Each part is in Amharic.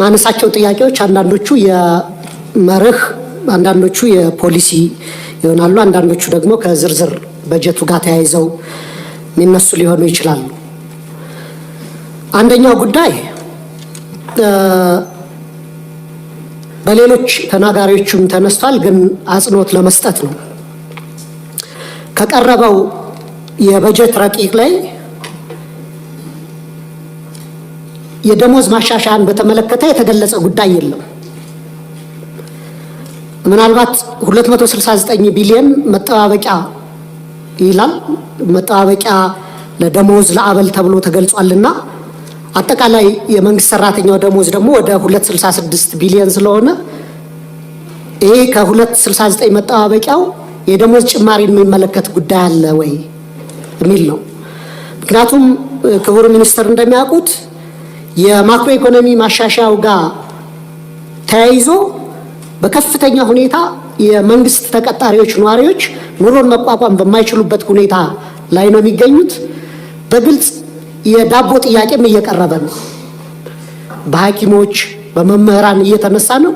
ማነሳቸው ጥያቄዎች አንዳንዶቹ የመርህ አንዳንዶቹ የፖሊሲ ይሆናሉ። አንዳንዶቹ ደግሞ ከዝርዝር በጀቱ ጋር ተያይዘው የሚነሱ ሊሆኑ ይችላሉ። አንደኛው ጉዳይ በሌሎች ተናጋሪዎችም ተነስቷል፣ ግን አጽንኦት ለመስጠት ነው። ከቀረበው የበጀት ረቂቅ ላይ የደሞዝ ማሻሻያን በተመለከተ የተገለጸ ጉዳይ የለም። ምናልባት 269 ቢሊዮን መጠባበቂያ ይላል። መጠባበቂያ ለደሞዝ ለአበል ተብሎ ተገልጿልና አጠቃላይ የመንግስት ሰራተኛው ደሞዝ ደግሞ ወደ 266 ቢሊዮን ስለሆነ ይሄ ከ269 መጠባበቂያው የደሞዝ ጭማሪ የሚመለከት ጉዳይ አለ ወይ የሚል ነው። ምክንያቱም ክቡር ሚኒስትር እንደሚያውቁት የማክሮ ኢኮኖሚ ማሻሻያው ጋር ተያይዞ በከፍተኛ ሁኔታ የመንግስት ተቀጣሪዎች ነዋሪዎች ኑሮን መቋቋም በማይችሉበት ሁኔታ ላይ ነው የሚገኙት። በግልጽ የዳቦ ጥያቄም እየቀረበ ነው። በሐኪሞች በመምህራን እየተነሳ ነው።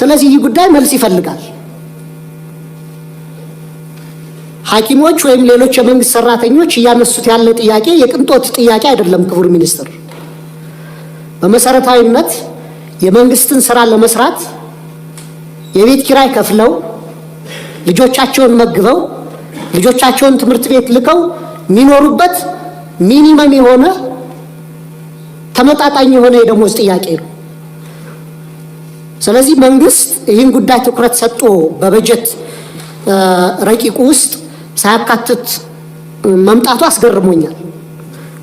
ስለዚህ ይህ ጉዳይ መልስ ይፈልጋል። ሐኪሞች ወይም ሌሎች የመንግስት ሰራተኞች እያነሱት ያለ ጥያቄ የቅንጦት ጥያቄ አይደለም። ክቡር ሚኒስትር፣ በመሰረታዊነት የመንግስትን ስራ ለመስራት የቤት ኪራይ ከፍለው ልጆቻቸውን መግበው ልጆቻቸውን ትምህርት ቤት ልከው የሚኖሩበት ሚኒመም የሆነ ተመጣጣኝ የሆነ የደሞዝ ጥያቄ ነው። ስለዚህ መንግስት ይህን ጉዳይ ትኩረት ሰጥቶ በበጀት ረቂቁ ውስጥ ሳያካትት መምጣቱ አስገርሞኛል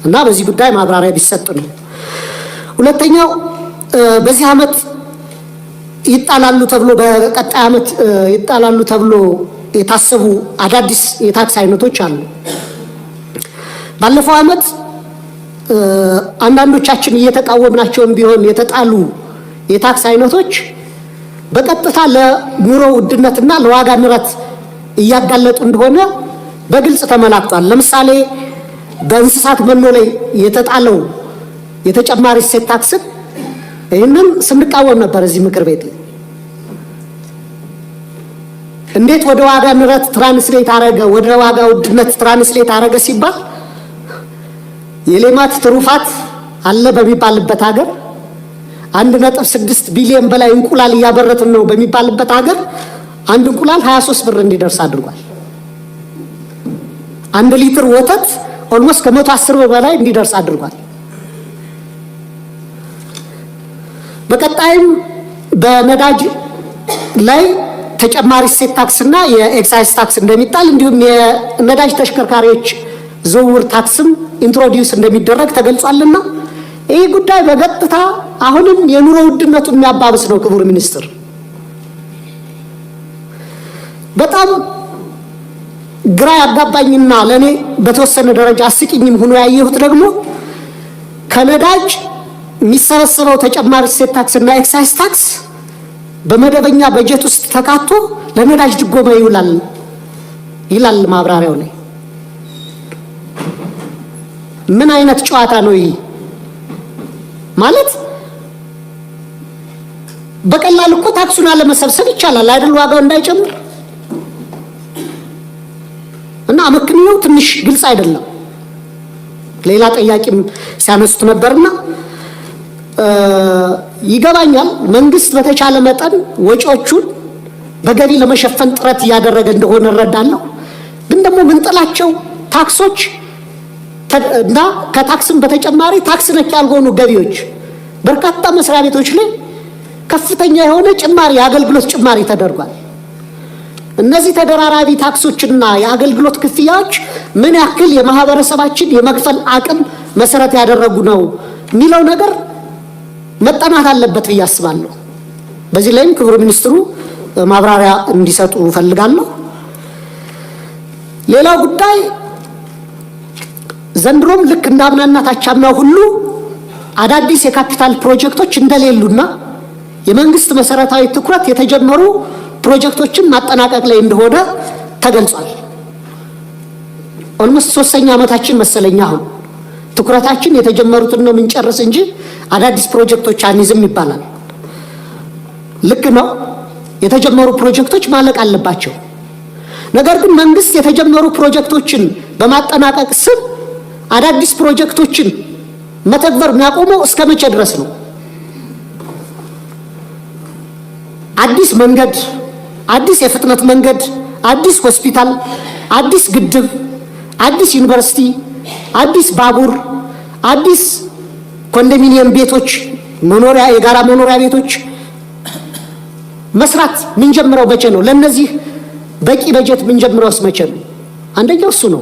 እና በዚህ ጉዳይ ማብራሪያ ቢሰጥ ነው። ሁለተኛው በዚህ ዓመት ይጣላሉ ተብሎ በቀጣይ ዓመት ይጣላሉ ተብሎ የታሰቡ አዳዲስ የታክስ አይነቶች አሉ። ባለፈው ዓመት አንዳንዶቻችን እየተቃወምናቸውም ቢሆን የተጣሉ የታክስ አይነቶች በቀጥታ ለኑሮ ውድነትና ለዋጋ ንረት እያጋለጡ እንደሆነ በግልጽ ተመላክቷል። ለምሳሌ በእንስሳት መኖ ላይ የተጣለው የተጨማሪ እሴት ታክስን ይህንን ስንቃወም ነበር እዚህ ምክር ቤት እንዴት ወደ ዋጋ ንረት ትራንስሌት አረገ፣ ወደ ዋጋ ውድነት ትራንስሌት አረገ ሲባል የሌማት ትሩፋት አለ በሚባልበት ሀገር አንድ ነጥብ ስድስት ቢሊዮን በላይ እንቁላል እያበረትን ነው በሚባልበት ሀገር አንድ እንቁላል 23 ብር እንዲደርስ አድርጓል። አንድ ሊትር ወተት ኦልሞስት ከመቶ አስር ብር በላይ እንዲደርስ አድርጓል። በቀጣይም በነዳጅ ላይ ተጨማሪ እሴት እና የኤክሳይዝ ታክስ እንደሚጣል እንዲሁም የነዳጅ ተሽከርካሪዎች ዝውውር ታክስም ኢንትሮዲውስ እንደሚደረግ ተገልጿልና ይህ ጉዳይ በቀጥታ አሁንም የኑሮ ውድነቱ የሚያባብስ ነው። ክቡር ሚኒስትር በጣም ግራ ያጋባኝና ለእኔ በተወሰነ ደረጃ አስቂኝም ሆኖ ያየሁት ደግሞ ከነዳጅ የሚሰበሰበው ተጨማሪ እሴት ታክስ እና ኤክሳይዝ ታክስ በመደበኛ በጀት ውስጥ ተካቶ ለነዳጅ ድጎማ ይውላል ይላል ማብራሪያው ላይ። ምን አይነት ጨዋታ ነው ይህ? ማለት በቀላል እኮ ታክሱን አለመሰብሰብ ይቻላል አይደል? ዋጋው እንዳይጨምር እና አመክንዮው ትንሽ ግልጽ አይደለም። ሌላ ጠያቂም ሲያነሱት ነበርና ይገባኛል። መንግስት በተቻለ መጠን ወጪዎቹን በገቢ ለመሸፈን ጥረት እያደረገ እንደሆነ እረዳለሁ። ግን ደግሞ ምንጥላቸው ታክሶች እና ከታክስም በተጨማሪ ታክስ ነክ ያልሆኑ ገቢዎች በርካታ መስሪያ ቤቶች ላይ ከፍተኛ የሆነ ጭማሪ የአገልግሎት ጭማሪ ተደርጓል። እነዚህ ተደራራቢ ታክሶችና የአገልግሎት ክፍያዎች ምን ያክል የማህበረሰባችን የመክፈል አቅም መሰረት ያደረጉ ነው የሚለው ነገር መጠናት አለበት ብዬ አስባለሁ። በዚህ ላይም ክቡር ሚኒስትሩ ማብራሪያ እንዲሰጡ እፈልጋለሁ። ሌላው ጉዳይ ዘንድሮም ልክ እንዳምናና ታቻምናው ሁሉ አዳዲስ የካፒታል ፕሮጀክቶች እንደሌሉና የመንግስት መሰረታዊ ትኩረት የተጀመሩ ፕሮጀክቶችን ማጠናቀቅ ላይ እንደሆነ ተገልጿል። ኦልሞስት ሶስተኛ ዓመታችን መሰለኛ አሁን ትኩረታችን የተጀመሩትን ነው የምንጨርስ እንጂ አዳዲስ ፕሮጀክቶች አንይዝም ይባላል። ልክ ነው። የተጀመሩ ፕሮጀክቶች ማለቅ አለባቸው። ነገር ግን መንግስት የተጀመሩ ፕሮጀክቶችን በማጠናቀቅ ስም አዳዲስ ፕሮጀክቶችን መተግበር የሚያቆመው እስከ መቼ ድረስ ነው? አዲስ መንገድ አዲስ የፍጥነት መንገድ፣ አዲስ ሆስፒታል፣ አዲስ ግድብ፣ አዲስ ዩኒቨርሲቲ፣ አዲስ ባቡር፣ አዲስ ኮንዶሚኒየም ቤቶች፣ መኖሪያ የጋራ መኖሪያ ቤቶች መስራት ምንጀምረው መቼ ነው? ለእነዚህ በቂ በጀት ምንጀምረውስ መቼ ነው? አንደኛው እሱ ነው።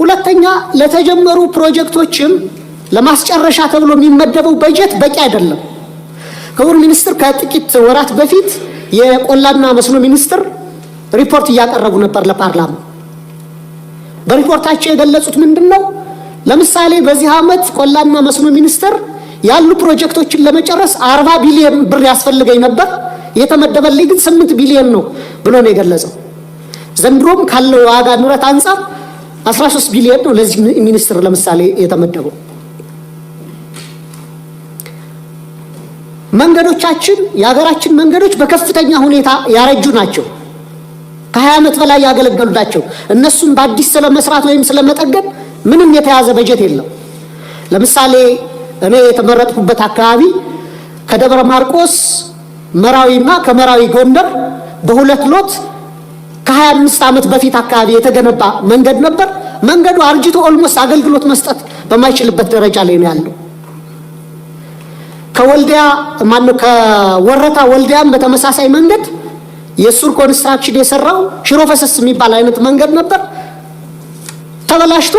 ሁለተኛ ለተጀመሩ ፕሮጀክቶችም ለማስጨረሻ ተብሎ የሚመደበው በጀት በቂ አይደለም። ክቡር ሚኒስትር ከጥቂት ወራት በፊት የቆላና መስኖ ሚኒስትር ሪፖርት እያቀረቡ ነበር ለፓርላማ። በሪፖርታቸው የገለጹት ምንድን ነው? ለምሳሌ በዚህ ዓመት ቆላና መስኖ ሚኒስትር ያሉ ፕሮጀክቶችን ለመጨረስ አርባ ቢሊዮን ብር ያስፈልገኝ ነበር የተመደበልኝ ግን ስምንት ቢሊዮን ነው ብሎ ነው የገለጸው። ዘንድሮም ካለው የዋጋ ንረት አንጻር 13 ቢሊዮን ነው ለዚህ ሚኒስትር ለምሳሌ የተመደበው። መንገዶቻችን የሀገራችን መንገዶች በከፍተኛ ሁኔታ ያረጁ ናቸው። ከሀያ ዓመት በላይ ያገለገሉ ናቸው። እነሱን በአዲስ ስለመስራት ወይም ስለመጠገን ምንም የተያዘ በጀት የለም። ለምሳሌ እኔ የተመረጥኩበት አካባቢ ከደብረ ማርቆስ መራዊና ከመራዊ ጎንደር በሁለት ሎት ከሀያ አምስት ዓመት በፊት አካባቢ የተገነባ መንገድ ነበር። መንገዱ አርጅቶ ኦልሞስት አገልግሎት መስጠት በማይችልበት ደረጃ ላይ ነው ያለው። ከወልዲያ ማነው ከወረታ ወልዲያም በተመሳሳይ መንገድ የሱር ኮንስትራክሽን የሰራው ሽሮ ፈሰስ የሚባል አይነት መንገድ ነበር። ተበላሽቶ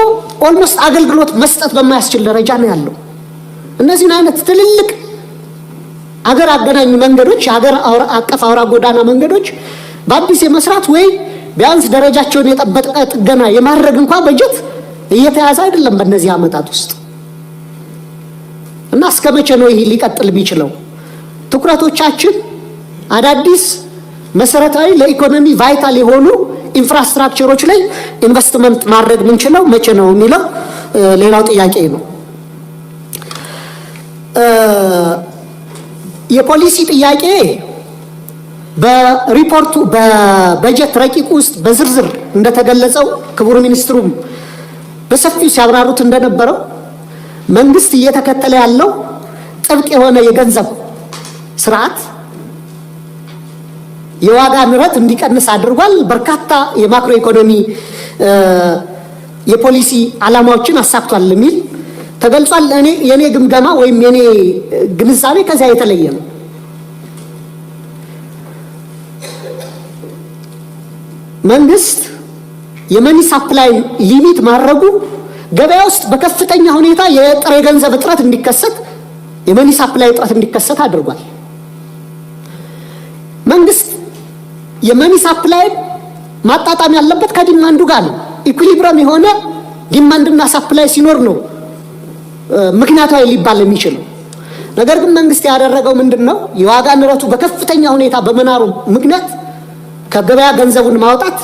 ኦልሞስት አገልግሎት መስጠት በማያስችል ደረጃ ነው ያለው። እነዚህን አይነት ትልልቅ አገር አገናኝ መንገዶች፣ አገር አቀፍ አውራ ጎዳና መንገዶች በአዲስ የመስራት ወይ ቢያንስ ደረጃቸውን የጠበቀ ጥገና የማድረግ እንኳ በጀት እየተያዘ አይደለም በእነዚህ ዓመታት ውስጥ እና እስከ መቼ ነው ይሄ ሊቀጥል የሚችለው? ትኩረቶቻችን አዳዲስ መሰረታዊ ለኢኮኖሚ ቫይታል የሆኑ ኢንፍራስትራክቸሮች ላይ ኢንቨስትመንት ማድረግ የምንችለው መቼ ነው የሚለው ሌላው ጥያቄ ነው። የፖሊሲ ጥያቄ በሪፖርቱ በበጀት ረቂቅ ውስጥ በዝርዝር እንደተገለጸው ክቡር ሚኒስትሩም በሰፊው ሲያብራሩት እንደነበረው መንግስት እየተከተለ ያለው ጥብቅ የሆነ የገንዘብ ስርዓት የዋጋ ንረት እንዲቀንስ አድርጓል። በርካታ የማክሮ ኢኮኖሚ የፖሊሲ አላማዎችን አሳክቷል የሚል ተገልጿል። እኔ የኔ ግምገማ ወይም የኔ ግንዛቤ ከዚያ የተለየ ነው። መንግስት የመኒ ሳፕላይ ሊሚት ማድረጉ ገበያ ውስጥ በከፍተኛ ሁኔታ የጥሬ ገንዘብ እጥረት እንዲከሰት የመኒ ሳፕላይ እጥረት እንዲከሰት አድርጓል። መንግስት የመኒ ሳፕላይ ማጣጣም ያለበት ከዲማንዱ ጋር ነው። ኢኩሊብረም የሆነ ዲማንድና ሳፕላይ ሲኖር ነው ምክንያታዊ ሊባል የሚችለው። ነገር ግን መንግስት ያደረገው ምንድን ነው? የዋጋ ንረቱ በከፍተኛ ሁኔታ በመናሩ ምክንያት ከገበያ ገንዘቡን ማውጣት፣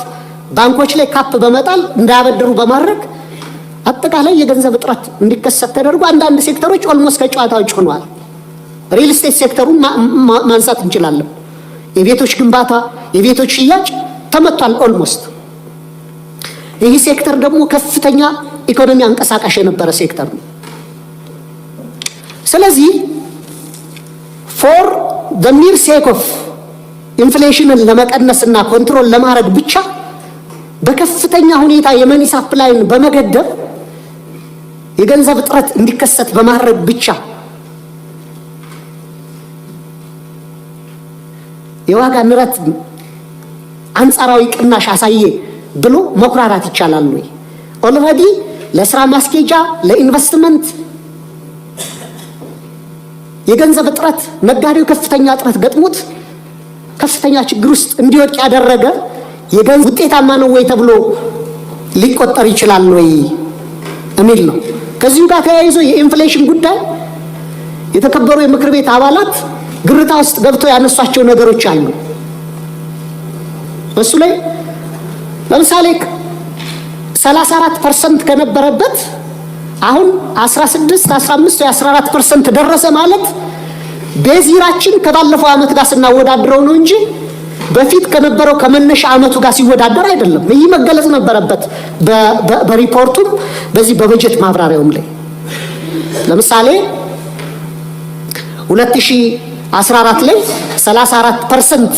ባንኮች ላይ ካፕ በመጣል እንዳያበድሩ በማድረግ አጠቃላይ የገንዘብ እጥረት እንዲከሰት ተደርጎ አንዳንድ ሴክተሮች ኦልሞስት ከጨዋታ ውጭ ሆነዋል። ሪል ስቴት ሴክተሩን ማንሳት እንችላለን። የቤቶች ግንባታ፣ የቤቶች ሽያጭ ተመቷል ኦልሞስት። ይህ ሴክተር ደግሞ ከፍተኛ ኢኮኖሚ አንቀሳቃሽ የነበረ ሴክተር ነው። ስለዚህ ፎር ዘ ሚር ሴክ ኦፍ ኢንፍሌሽንን ለመቀነስ እና ኮንትሮል ለማድረግ ብቻ በከፍተኛ ሁኔታ የመኒ ሳፕላይን በመገደብ የገንዘብ እጥረት እንዲከሰት በማድረግ ብቻ የዋጋ ንረት አንጻራዊ ቅናሽ አሳየ ብሎ መኩራራት ይቻላል ወይ? ኦልሬዲ ለስራ ማስኬጃ ለኢንቨስትመንት የገንዘብ እጥረት ነጋዴው ከፍተኛ እጥረት ገጥሞት ከፍተኛ ችግር ውስጥ እንዲወድቅ ያደረገ የገንዘብ ውጤታማ ነው ወይ ተብሎ ሊቆጠር ይችላል ወይ የሚል ነው። ከዚሁ ጋር ተያይዞ የኢንፍሌሽን ጉዳይ የተከበሩ የምክር ቤት አባላት ግርታ ውስጥ ገብተው ያነሷቸው ነገሮች አሉ። በሱ ላይ ለምሳሌ 34 ፐርሰንት ከነበረበት አሁን 16፣ 15 14 ፐርሰንት ደረሰ ማለት ቤዚራችን ከባለፈው ዓመት ጋር ስናወዳድረው ነው እንጂ በፊት ከነበረው ከመነሻ ዓመቱ ጋር ሲወዳደር አይደለም። ይህ መገለጽ ነበረበት በሪፖርቱም በዚህ በበጀት ማብራሪያውም ላይ ለምሳሌ 2014 ላይ 34 ፐርሰንት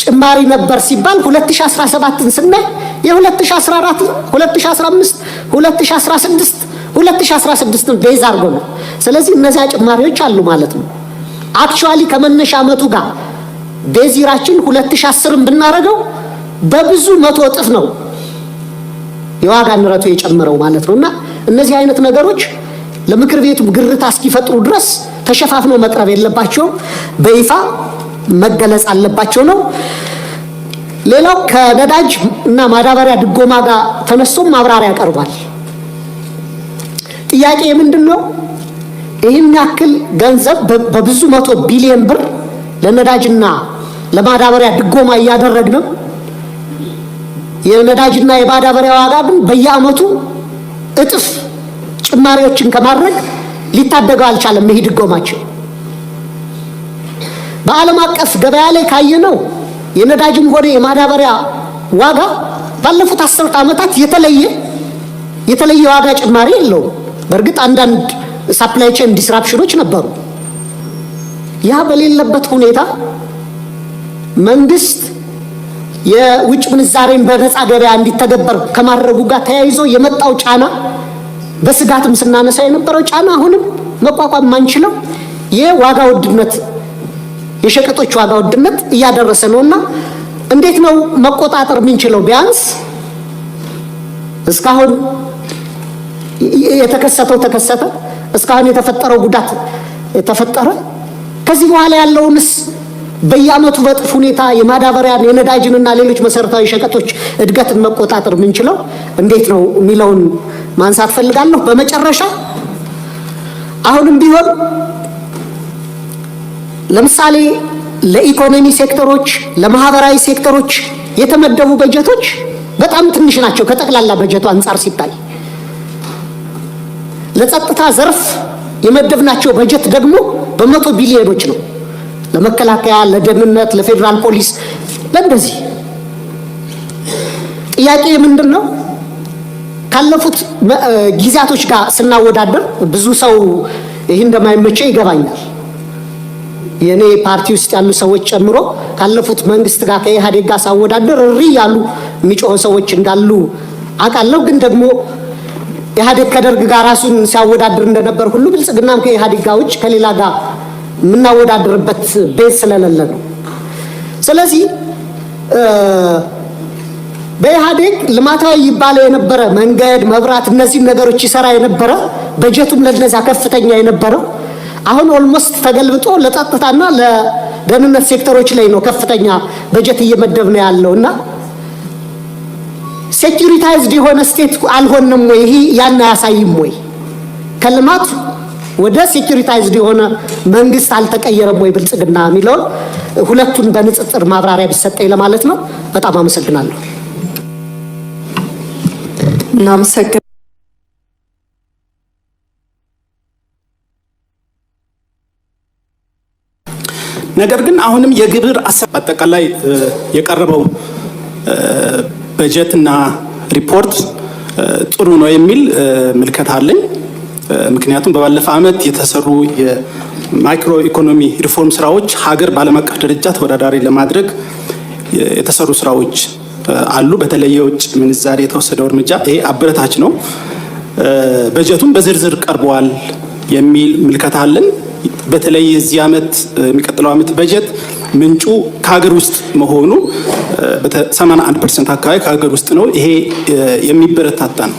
ጭማሪ ነበር ሲባል 2017ን ስናይ የ2014 2015 2016 2016 ቤዝ አድርጎ ነው። ስለዚህ እነዚያ ጭማሪዎች አሉ ማለት ነው። አክቹዋሊ ከመነሻ ዓመቱ ጋር ቤዚራችን 2010ን ብናረገው በብዙ መቶ እጥፍ ነው የዋጋ ንረቱ የጨመረው ማለት ነው። እና እነዚህ አይነት ነገሮች ለምክር ቤቱ ግርታ እስኪፈጥሩ ድረስ ተሸፋፍኖ መቅረብ የለባቸውም፣ በይፋ መገለጽ አለባቸው ነው። ሌላው ከነዳጅ እና ማዳበሪያ ድጎማ ጋር ተነስቶም ማብራሪያ ቀርቧል። ጥያቄ ምንድን ነው? ይህን ያክል ገንዘብ በብዙ መቶ ቢሊዮን ብር ለነዳጅና ለማዳበሪያ ድጎማ እያደረግንም የነዳጅና የማዳበሪያ ዋጋ ግን በየአመቱ እጥፍ ጭማሪዎችን ከማድረግ ሊታደገው አልቻለም። ይሄ ድጎማችን በዓለም አቀፍ ገበያ ላይ ካየነው የነዳጅም ሆነ የማዳበሪያ ዋጋ ባለፉት አስርት ዓመታት የተለየ የተለየ ዋጋ ጭማሪ የለውም። በእርግጥ አንዳንድ ሳፕላይ ቼን ዲስራፕሽኖች ነበሩ። ያ በሌለበት ሁኔታ መንግስት የውጭ ምንዛሬን በነፃ ገበያ እንዲተገበር ከማድረጉ ጋር ተያይዞ የመጣው ጫና በስጋትም ስናነሳ የነበረው ጫና አሁንም መቋቋም ማንችለው የዋጋ ውድነት የሸቀጦች ዋጋ ውድነት እያደረሰ ነው እና እንዴት ነው መቆጣጠር የምንችለው? ቢያንስ እስካሁን የተከሰተው ተከሰተ፣ እስካሁን የተፈጠረው ጉዳት ተፈጠረ። ከዚህ በኋላ ያለውንስ በየአመቱ በጥፍ ሁኔታ የማዳበሪያን የነዳጅንና ሌሎች መሰረታዊ ሸቀጦች እድገትን መቆጣጠር የምንችለው እንዴት ነው የሚለውን ማንሳት ፈልጋለሁ። በመጨረሻ አሁንም ቢሆን ለምሳሌ ለኢኮኖሚ ሴክተሮች፣ ለማህበራዊ ሴክተሮች የተመደቡ በጀቶች በጣም ትንሽ ናቸው ከጠቅላላ በጀቱ አንጻር ሲታይ። ለጸጥታ ዘርፍ የመደብናቸው በጀት ደግሞ በመቶ ቢሊዮኖች ነው ለመከላከያ፣ ለደህንነት፣ ለፌዴራል ፖሊስ ለእንደዚህ። ጥያቄ ምንድን ነው? ካለፉት ጊዜያቶች ጋር ስናወዳደር ብዙ ሰው ይህ እንደማይመቸው ይገባኛል። የእኔ ፓርቲ ውስጥ ያሉ ሰዎች ጨምሮ ካለፉት መንግስት ጋር ከኢህአዴግ ጋር ሳወዳደር እሪ ያሉ የሚጮሆ ሰዎች እንዳሉ አውቃለሁ። ግን ደግሞ ኢህአዴግ ከደርግ ጋር ራሱን ሲያወዳድር እንደነበር ሁሉ ብልጽግናም ከኢህአዴግ ጋር ውጭ ከሌላ ጋር የምናወዳድርበት ቤት ስለሌለ ነው። ስለዚህ በኢህአዴግ ልማታዊ ይባለ የነበረ መንገድ፣ መብራት፣ እነዚህም ነገሮች ይሰራ የነበረ በጀቱም ለነዛ ከፍተኛ የነበረው አሁን ኦልሞስት ተገልብጦ ለጸጥታና ለደህንነት ሴክተሮች ላይ ነው ከፍተኛ በጀት እየመደብ ነው ያለው እና ሴኪሪታይዝድ የሆነ ስቴት አልሆንም ወይ? ይህ ያን አያሳይም ወይ ከልማት ወደ ሴኪሪታይዝድ የሆነ መንግስት አልተቀየረም ወይ ብልጽግና የሚለውን ሁለቱን በንጽጽር ማብራሪያ ቢሰጠኝ ለማለት ነው። በጣም አመሰግናለሁ። ነገር ግን አሁንም የግብር አጠቃላይ የቀረበው በጀትና ሪፖርት ጥሩ ነው የሚል ምልከታ አለኝ። ምክንያቱም በባለፈ ዓመት የተሰሩ የማይክሮ ኢኮኖሚ ሪፎርም ስራዎች ሀገር በዓለም አቀፍ ደረጃ ተወዳዳሪ ለማድረግ የተሰሩ ስራዎች አሉ። በተለይ የውጭ ምንዛሬ የተወሰደው እርምጃ ይሄ አበረታች ነው። በጀቱም በዝርዝር ቀርበዋል የሚል ምልከታ አለን። በተለይ የዚህ ዓመት የሚቀጥለው ዓመት በጀት ምንጩ ከሀገር ውስጥ መሆኑ 81 ፐርሰንት አካባቢ ከሀገር ውስጥ ነው። ይሄ የሚበረታታ ነው።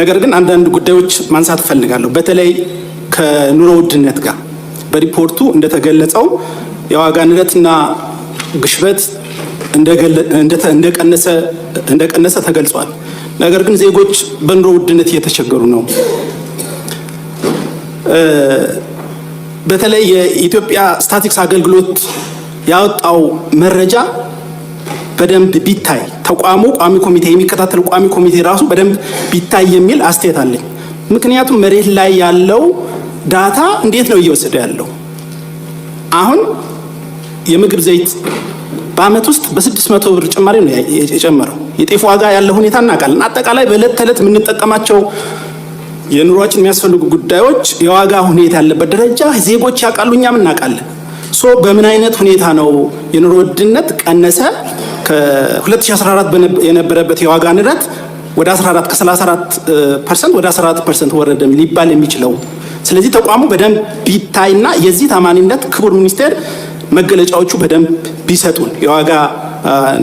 ነገር ግን አንዳንድ ጉዳዮች ማንሳት እፈልጋለሁ። በተለይ ከኑሮ ውድነት ጋር በሪፖርቱ እንደተገለጸው የዋጋ ንረትና ግሽበት እንደቀነሰ ተገልጿል። ነገር ግን ዜጎች በኑሮ ውድነት እየተቸገሩ ነው። በተለይ የኢትዮጵያ ስታቲክስ አገልግሎት ያወጣው መረጃ በደንብ ቢታይ ተቋሙ ቋሚ ኮሚቴ የሚከታተል ቋሚ ኮሚቴ ራሱ በደንብ ቢታይ የሚል አስተያየት አለኝ። ምክንያቱም መሬት ላይ ያለው ዳታ እንዴት ነው እየወሰደ ያለው? አሁን የምግብ ዘይት በአመት ውስጥ በስድስት መቶ ብር ጭማሪ ነው የጨመረው። የጤፍ ዋጋ ያለው ሁኔታ እናውቃለን። አጠቃላይ በእለት ተዕለት የምንጠቀማቸው የኑሯችን የሚያስፈልጉ ጉዳዮች የዋጋ ሁኔታ ያለበት ደረጃ ዜጎች ያውቃሉ፣ እኛም እናውቃለን። ሶ በምን አይነት ሁኔታ ነው የኑሮ ውድነት ቀነሰ ከ2014 የነበረበት የዋጋ ንረት ወደ 14 ከ34 ፐርሰንት ወደ 14 ፐርሰንት ወረደም ሊባል የሚችለው ስለዚህ ተቋሙ በደንብ ቢታይና የዚህ ታማኒነት ክቡር ሚኒስቴር መገለጫዎቹ በደንብ ቢሰጡን የዋጋ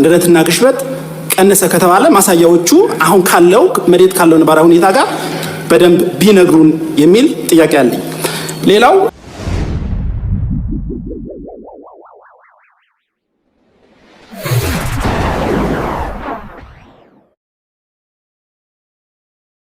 ንረትና ግሽበት ቀነሰ ከተባለ ማሳያዎቹ አሁን ካለው መሬት ካለው ነባራዊ ሁኔታ ጋር በደንብ ቢነግሩን የሚል ጥያቄ አለኝ። ሌላው